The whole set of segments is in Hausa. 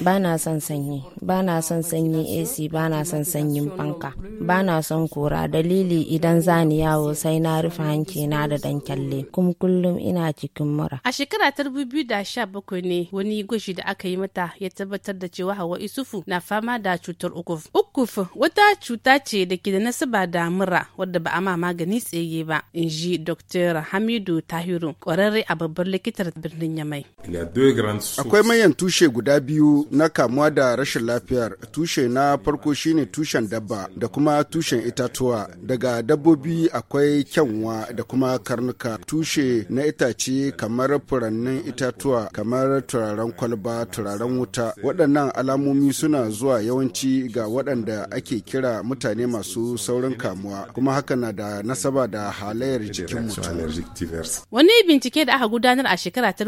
ba na son sanyi ba na son sanyi ac ba na son sanyin fanka ba na son kura dalili idan zani yawo sai na rufe hanci na da dan kyalle kuma kullum ina cikin mura a shekara ta bakwai ne wani gwaji da aka yi mata ya tabbatar da cewa hawa isufu na fama da cutar ukuf ukuf wata cuta ce da ke da nasaba da mura wadda ba a ma magani tsaye ba in ji dr hamidu tahiru kwararre a babbar likitar birnin yamai akwai manyan tushe guda biyu na kamuwa da rashin lafiyar tushe na farko shine tushen dabba da kuma tushen itatuwa daga dabbobi akwai kyanwa da kuma karnuka tushe na itace kamar furannin itatuwa kamar turaren kwalba turaren wuta waɗannan alamomi suna zuwa yawanci ga waɗanda ake kira mutane masu saurin kamuwa kuma haka na da nasaba da halayyar jikin mutum wani bincike da aka gudanar a shekara ta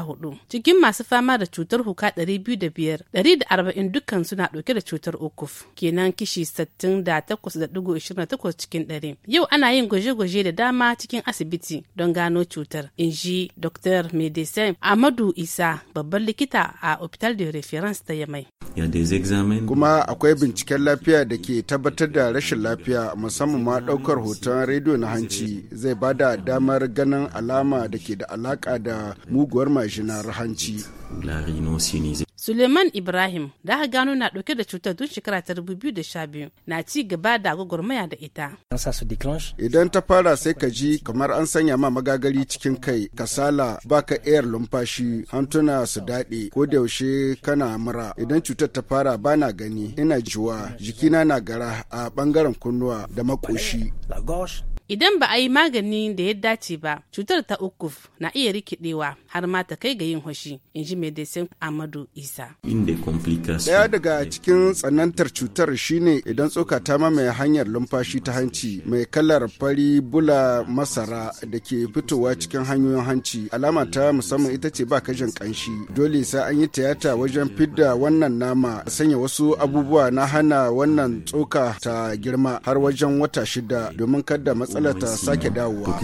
hudu cikin masu fama da cutar huka 200 biyar ɗari da arba'in dukkan suna ɗauke da cutar ukuf kenan kishi sittin da takwas da ɗigo ishirin takwas cikin ɗari yau ana yin gwaje-gwaje da dama cikin asibiti don gano cutar in ji dr medecin amadu isa babban likita a hospital de reference ta yamai kuma akwai binciken lafiya da ke tabbatar da rashin lafiya musamman ma ɗaukar hoton rediyo na hanci zai bada damar ganin alama da ke da alaka da muguwar mashinar hanci la Suleiman Ibrahim da aka gano na ɗauke da cutar tun shekara ta biyu na ci gaba da gwagwarmaya da ita. Idan ta fara sai ka ji kamar an sanya ma magagari cikin kai kasala baka air lumfashi hantuna su daɗe ko da yaushe kana mura idan cutar ta fara bana gani ina jiwa jikina na gara a ɓangaren kunnuwa da makoshi. Idan ba a yi magani da ya dace ba, cutar ta ukuf na iya rikidewa har ma ta kai ga yin hoshi, in ji medecin Amadu Isa. Daya daga cikin tsanantar cutar shine idan tsoka ta mamaye hanyar lumfashi ta hanci mai kalar fari bula masara da ke fitowa cikin hanyoyin hanci. Alama ta musamman ita ce ba kajin kanshi. Dole sai an yi tiyata wajen fidda wannan nama sanya wasu abubuwa na hana wannan tsoka ta girma har wajen wata shida domin kada matsa matsalar ta sake dawowa.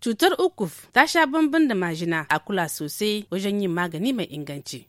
Cutar ukuf ta sha bamban da majina a kula sosai wajen yin magani mai inganci.